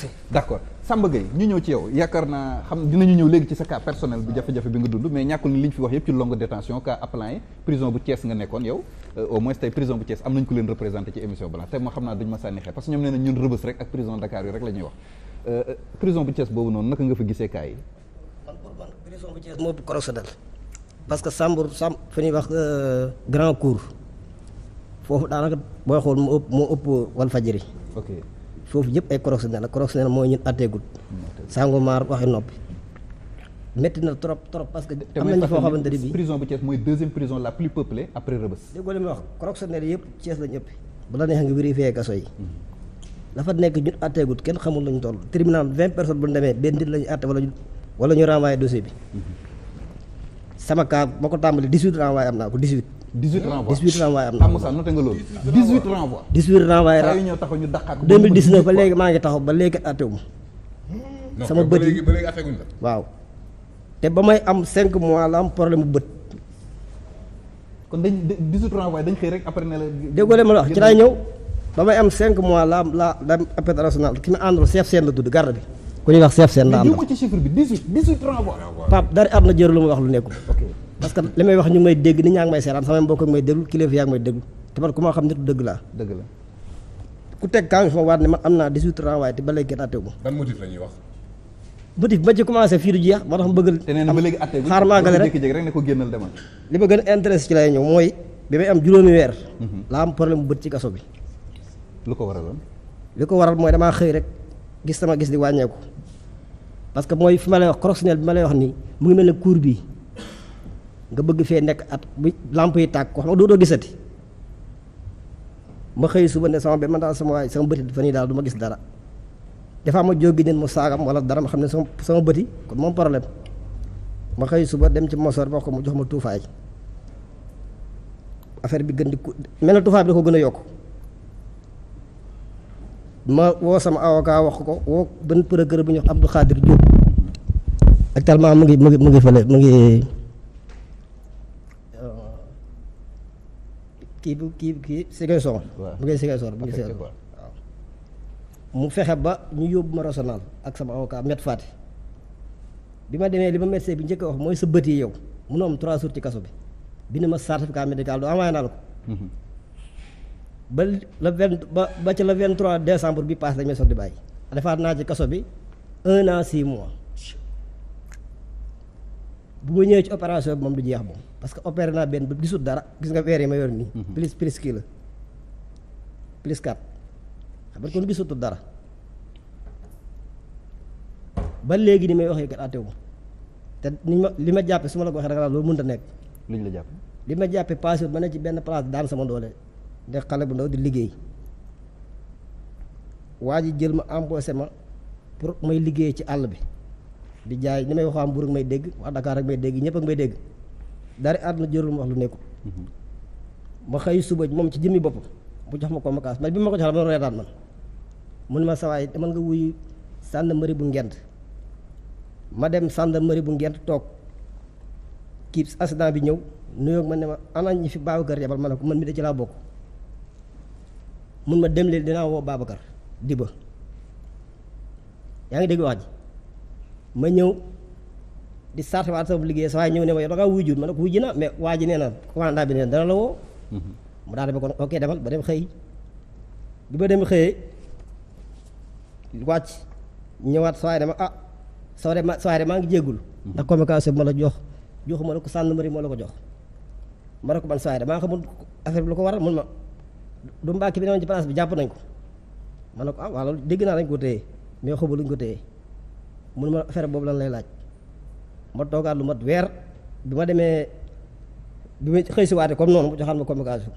si d' accord ñu ñëw ci yow yaakaar naa xam dinañu ñëw léegi ci sa cas personnel bi jafe-jafe bi nga dund mais ñàkkul ni li ñu fi wax yëpp ci longue détention cas appelant yi prison bu Thiès nga nekkoon yow euh, au moins tey prison bu Thiès am nañ ko leen représenté ci émission balaa tey moo xam naa duñ ma sànni xeer parce que ñoom nee ñun rëbës rek ak prison Dakar yi rek la wax euh, euh, prison bu Thiès boobu noonu naka nga fa gisee cas yi man parce que Sambour Samb fi ñuy wax grand cour foofu daanaka booy xool moo ëpp moo ëpp Walfadjri ok foofu yëpp ay correctionnel la correctionnel mooy ñun àtteegul Sangomar waxi noppi métti na trop trop parce que am nañu foo xamante ne bii prison bu Thiès mooy deuxième prison la plus yëpp Thiès lañu ëpp bu la neexee nga vérifier kaso yi dafa nekk ñun àtteegut kenn xamul lañu toll tribunal vingt personnes bu ñu demee benn nit lañu àtte wala ñu wala ñu renvoyé dossier bi sama cas boo ko tàmbalee dix-huit am naa ko dix 18 renvois 18 renvois am na am Moussa noté nga loolu. 18 renvois 18 renvois saa yu ñu daqaat ko. 2019 ba léegi maa ngi taxaw ba léegi attewu sama bët yi ba waaw. te ba may am 5 mois la am problème bu bët. kon dañ 18 renvois dañ xëy rek après ne la. déggoo leen ma la wax ci laay ñëw. ba may am cinq mois la la la appel national ki ma àndal chef seen la tudd garde bi. ku ñuy wax chef seen la àndal mais ci chiffre bi 18 18 renvois. dara am na jër lu ma wax lu nekkul. parce que li may wax ñu ngi may dégg nit ñaa ngi may seetaan samay mbokk ak may déglu kilifa yaa ngi may déglu te man ku ma xam nitu dëgg laa dëgg la ku teg kaa am naa 18 ans waaye te ba léegi kenn attewu jeex moo tax ma bëgg xaar maagale a intéressé ci lay ñëw mooy bi may am juróomi weer mhm. li ko waral mooy damaa xëy rek gis sama gis di wàññeeku parce que mooy fi ma lay wax correctionnel bi ma lay wax nii mu ngi mel ne cour bii nga bëgg fee nekk at bu làmp yi tàkk ko xam nga doo doo gisati ma xëy suba ne sama ba man daal sama waay sama bëti dafa nii daal du ma gis dara dafa am ma jógi nit mu saagam wala dara ma xam ne sama sama bëti kon moom problème ma xëy suba dem ci mosor wax ko mu jox ma tuufaay affaire bi gën di ku mel na tuufaay bi da ko gën a yokk ma woo sama avocat wax ko woo benn procureur bu ñu wax Abdou Khadir ma actuellement mu ngi mu ngi mu ngi fële mu ngi. kii bu kii kii Ziguinchor son ngeen Ziguinchor bu ngeen Ziguinchor waaw mu fexe ba ñu yóbbu ma Rosolaan ak sama avocat met Fati bi ma demee li ma médecin bi njëkk a wax mooy sa bët yi yow munoo am trois jours ci kaso bi bi ne ma certificat médical du envoyé naa la ko mhm. ba le ba ba ci le vingt trois décembre bi passé dañ may soog di bàyyi defaat naa ci kaso bi un an six mois bu ma ñëwee ci opération bi moom du jeex moom parce que opéré naa benn ba gisul dara gis nga weer yi ma yor nii. Mhm. plus plus kii la plus quatre xam nga kon gisutul dara ba léegi ni may waxee kat àttewu te ni ma li ma jàppee su ma la ko waxee rek loolu a nekk. luñ la li ma jàppee passé ma ne ci benn place daan sama doole de xale bu ndaw di liggéey waa ji jël ma embauché ma pour may liggéey ci àll bi. di jaay ñi may wax waa Mbuur ak may dégg waa Dakar ak may dégg ñëpp ak may dégg dara àdduna jërul ma wax lu nekkul ma xëy suba moom ci jëmmi bopp bu jox ma convocation man bi ma ko jox dama reetaan ma sawaay man nga wuy bu ngent ma dem gendarmerie bu ngent toog kii accident bi ñëw nuyoog ma ne ma ana ñi fi Babacar yebal ma ne ko man mi da ci laa bokk mun ma dem leen dinaa woo Babacar di ba yaa ngi dégg wax ji ma ñëw di sartewaat sama liggéey sa waaye ñëw ne ma yow da ngaa wujjul ma ne ko wujj na waa nee na commandant nee na la woo mu daal di kon ok demal dem xëy bi ba dem xëyee wàcc ñëwaat sa waaye dama ah soo de ma soo maa ngi jéggul ndax communication ma la jox joxu ma la ko gendarmerie moo la ko jox ma ne ko man saa yi damaa xamul affaire bi lu ko waral mun ma du mbàkk bi ne woon ci place bi jàpp nañ ko ma ne ko ah waaw loolu dégg naa dañ ko téye mais xamul luñ ko téye mun ma affaire boobu lan lay laaj ma toogaat lu mat weer bi ma demee bi ma xëy si waate comme noonu mu joxaat ma communication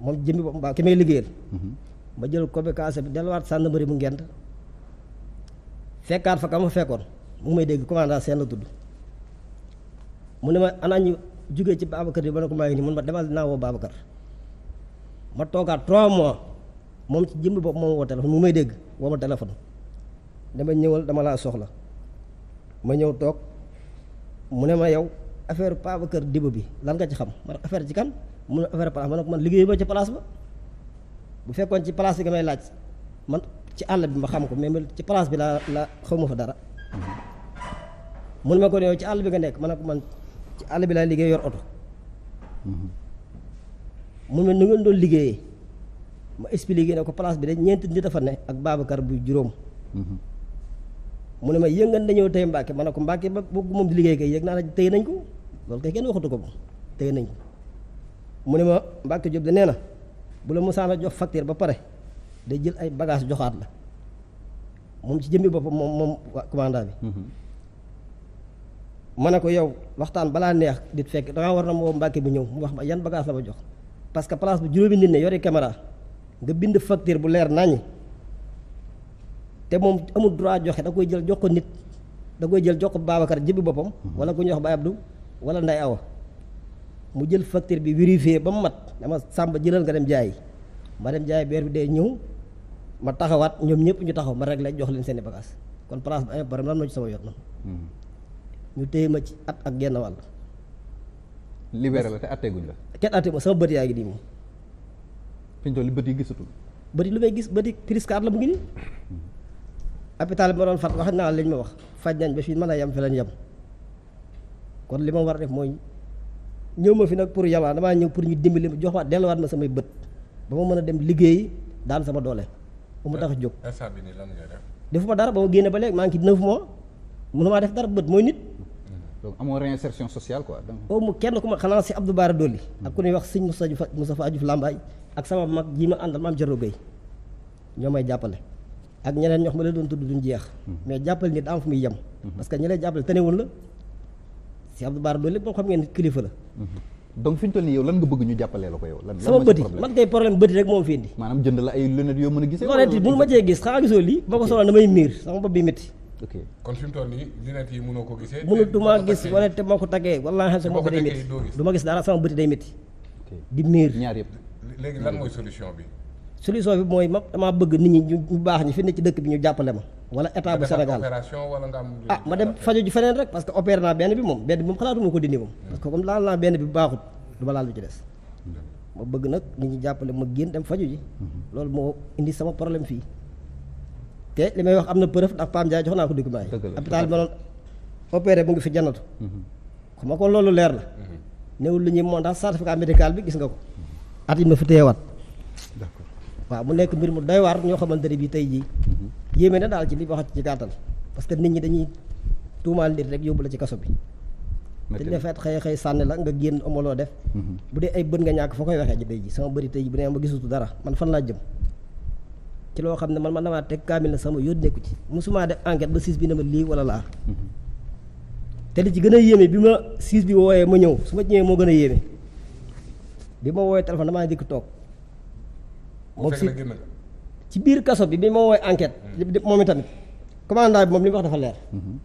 moom jëmmi boppam baax ki may liggéeyal mhm. ma jël communication bi delluwaat gendarmerie bu ngent fekkaat fa ka ma fekkoon mu may dégg commandant seen tudd mu ne ma ana ñu jógee ci Babacar bi ba ko maa ngi nii mun demal naa woo ma toogaat trois mois moom ci jëmmi bopp moom woo téléphone mu may dégg woo ma téléphone dama ñëwal dama laa soxla ma ñëw toog mu ne ma yow affaire Babacar dibo bi lan nga ci xam man affaire ci kan mu ne affaire place ma ne man liggéey ba ci place bu fekkoon ci place bi nga laaj man ci àll bi ma xam ko mais ci place bi laa xaw ma fa dara mm-hmm. mun ma ko yow ci àll bi nga nekk ma ne ko man ci àll bi laa liggéey yor oto mm-hmm. mun ma nu ngeen doon liggéeyee ma expliqué ne ko place bi de ñeent nit a fa ne ak Babacar bu juróom mm-hmm. mu ne ma yëngal nañoo tey Mbàkke ma ne ko Mbàkke ba moom di liggéey kay yëg naa la tey nañ ko loolu kay kenn waxatu ko moom tey nañ ko mu ne ma Mbàkke Jóob nee na bu la musaana jox facture ba pare day jël ay bagage joxaat la moom ci jëmmi boppam moom moom commandant bi mhm. ma ne ko yow waxtaan balaa neex dit fekk danga war na moo Mbàkke bu ñëw mu wax ma yan bagage la ba jox parce que place bu juróomi nit ne yori caméra nga bind facture bu leer naññi te moom amul droit joxe da koy jël jox ko nit da koy jël jox ko Babacar jëbbi boppam mhm. wala ku ñuy wax Baye Abdou wala Nday Awa mu jël facture bi vérifié ba mu mat dama sàmba jëlal nga dem jaay ma dem jaay beer bi dee ñëw ma taxawaat ñoom ñëpp ñu taxaw ma réglé jox leen seen i bagages kon place bi amee problème lan moo ci sama yoon man mhm. ñu téye ma ci at ak genn wàll libéré la te atteeguñ la kenn atte ma sama bët yaa ngi nii moom bët yi gisatul bët yi lu may gis bët yi priscar hôpital bi ma doon fat wax naa lañ ma wax faj nañ ba fii mën a yem fi lañ yem kon li ma war a def mooy ñëw ma fi nag pour yama damaa ñëw pour ñu dimbali jox ma delluwaat ma samay bët ba ma a dem liggéey daan sama doole bu tax a jóg. instant bi def. defuma dara ba ma ba léegi maa ngi ci neuf mois mënumaa def dara bët mooy nit. Hmm. donc amoo réinsertion sociale quoi. donc mu kenn ku ma xanaa si Abdou Bara Dolly. ak ku ñuy wax mu sa sëñ Moussa Diouf Moussa Diouf Lambaye ak sama mag jii ma àndal ma am Jarno ñoo may jàppale. ak ñeneen ñoo xam ne la doon tudd duñ jeex mhm. mais jàppal nit am fu muy yem mhm. parce que ñi lay jàppale tenewul la si Abdou Bara Dolly moom xam ngeen kilifa la mhm. donc fi ñu toll lan nga bëgg ñu jàppalee la ko yow lan sama bëti a gisee lunettes yi mënu ma cee gis xanaa gisoo lii boo ko soloon damay miir sama bopp bi métti ok kon fi mu toll nii lunettes ko gisee mënutuma gis wala te ko taggee wala du ma gis dara sama bëti day métti di miir ñaar yëpp mooy solution bi solution bi mooy ma damaa bëgg nit ñi ñu baax ñi fi ne ci dëkk bi ñu jàppale ma wala état bu Sénégal ah ma dem fajo ji feneen rek parce que opéré naa benn bi moom benn bi moom xalaatuma ko dindi moom hmm. parce que comme laal naa benn bi baaxut du ma laal lu ci des hmm. ma bëgg nag nit ñi jàppale ma génn dem fajo ji hmm. loolu moo indi sama problème fii te li may wax am na preuve ndax Pam Ndiaye jox naa ko document yi hôpital bi ma doon opéré mu ngi fi janatu xam nga loolu leer la néewul lu ñuy montax certificat médical bi gis nga ko at ma fi teewaat waaw mu nekk mbir mu doy waar ñoo xamante ne bii tey jii mhm. yéeme na daal ci li wax ci gàttal parce que nit ñi dañuy tuumaal nit rek yóbbu la ci kaso bi. dañ la feet xëy xëy sànni la nga génn amuloo def. Mhm. bu dee ay bët nga ñàkk foo koy waxee ji tey ji sama bëri tey ji bu ne ma gisutu dara man fan laa jëm. ci loo xam ne man man damaa teg kaamil na sama yoon nekku ci musuma def enquête ba siis bi ne ma lii wala laa. Mhm. te li ci gën a yéeme bi ma siis bi wooyee ma ñëw su ma ñëwee moo gën a yéeme bi ma wooyee téléphone damaa dikk toog. moom si ci biir kaso bi bi ma woowee enquête mm. moom i tamit commandant bi moom li mu wax dafa leer mm-hmm.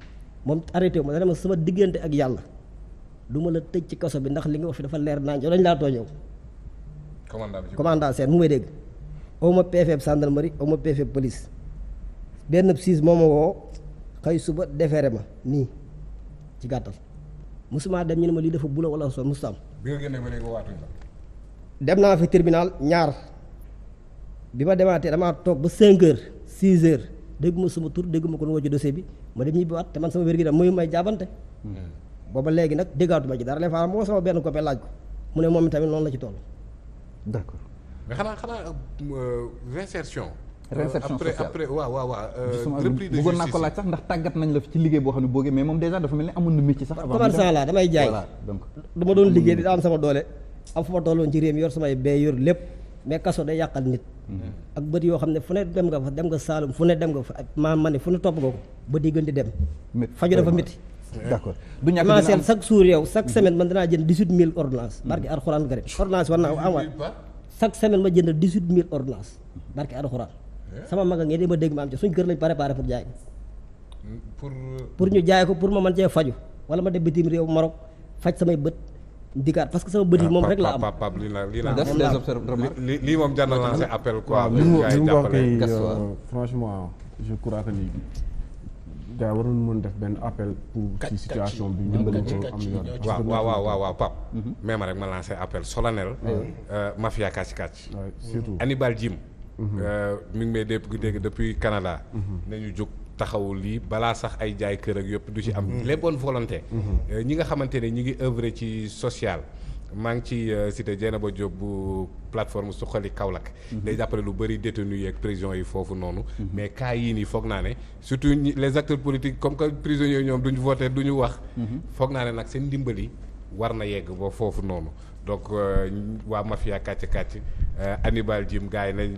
moom arrêté wu ma dama sama diggante ak yàlla du ma la tëj ci kaso bi ndax li nga wax dafa leer naa dañ laa tooñëw commandant seen mu may dégg aw ma PFP gendarmerie aw ma PFP police benn siis moo ma woo xëy suba defeere ma nii ci gàttal musuma dem ñu ne ma lii dafa bula wala son mustaam bi nga dem naa fi tribunal ñaar bi ma demaatee damaa toog ba 5 heures 6 heures dégguma suma tur dégguma ko nu woo ci dossier bi ma dem ñibbiwaat te man sama wér-gi-yaram muy may jaabante. Hmm. booba léegi nag déggaatuma ci dara les moo sama benn copain laaj ko mu ne moom tamit noonu la ci toll. d'accord mais xanaa xanaa euh, euh, réinsertion. réinsertion euh, sociale après après waaw waaw waaw. repris la fi ci liggéey boo xam ne boogee mais moom déjà dafa mel ni amoon na métier sax. avant commerçant laa damay jaay. voilà donc du ma doon liggéey di am sama doole am fu ma tolloon ci réew mi yor samay bay yor lépp mais kaso day yàqal nit. Mm-hmm. ak bët yoo xam ne fu ne dem nga fa dem nga Saalum fu ne dem nga fa ma ma ne fu ne topp nga ko ba di gën di dem. faju dafa métti. du ñàkk dina am chaque yow chaque mm-hmm. semaine man danaa jënd dix-huit mille mm-hmm. barki alxuraan karim naa amaat chaque semaine ma jënd dix-huit mille ordonnance barki alxuraan eh? sama mag a ngeen di ma dégg ma am ci suñ kër lañ préparé pour jaay mm, pour. Euh, pour ñu jaay ko pour ma mën cee faju wala ma dem bitim réew Maroc faj samay bët dikkaat parce que sama bët yi ah, moom rek la am lii lii moom jar na appel quoi waaw li mu euh, franchement je crois que lii gaa waroon mën def benn appel pour ci situation bi dimbali ko am waaw waaw waaw pap même ma lancé appel solennel euh, mafia kàcc kàcc surtout Hannibal Jim mhm. euh, mi ngi may dégg depuis Canada mhm. nañu jóg taxawul lii balaa sax ay jaay kër ak yëpp du ci am. Mm-hmm. les bonnes volontés. Mm-hmm. Euh, ñi nga xamante ne ñi ngi œuvrer ci social. maa ngi ci euh, cité Dieynaba Diop bu plateforme suqali Kaolack. Mm-hmm. day jàppale lu bëri détenu yeeg prison yi foofu noonu. mais cas yi nii foog naa ne surtout les acteurs politiques comme que prisonniers ñoom duñu voté duñu wax. foog naa ne nag seen ndimbal war na yegg ba foofu noonu donc euh, waa mafia kàcc kàcc Hannibal Djim gars yi nañ.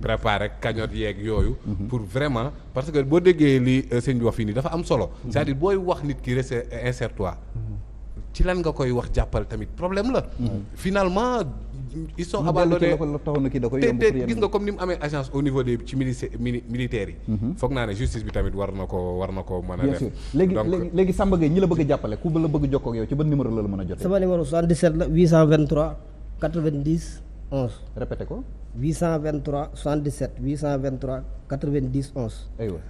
préparer cagnotte yeeg yooyu. pour vraiment parce que boo déggee li euh, sëñ bi wax nii dafa am solo. cest à booy wax nit ki reste euh, incertoire. Mm-hmm. ci lan nga koy wax jàppal tamit problème la. Mm-hmm. finalement. ils sont abandonnés te te gis nga comme ni mu amee agence yi. Mm-hmm. foog naa ne justice bi tamit war na koo war na koo mën a def. léegi léegi Samba ñi la bëgg a jàppale ku la bëgg a jokkoo ci ban numéro la la mën a jotee. sama numéro 77 la 11. répété ko. 823 77 823 90 11. aywa.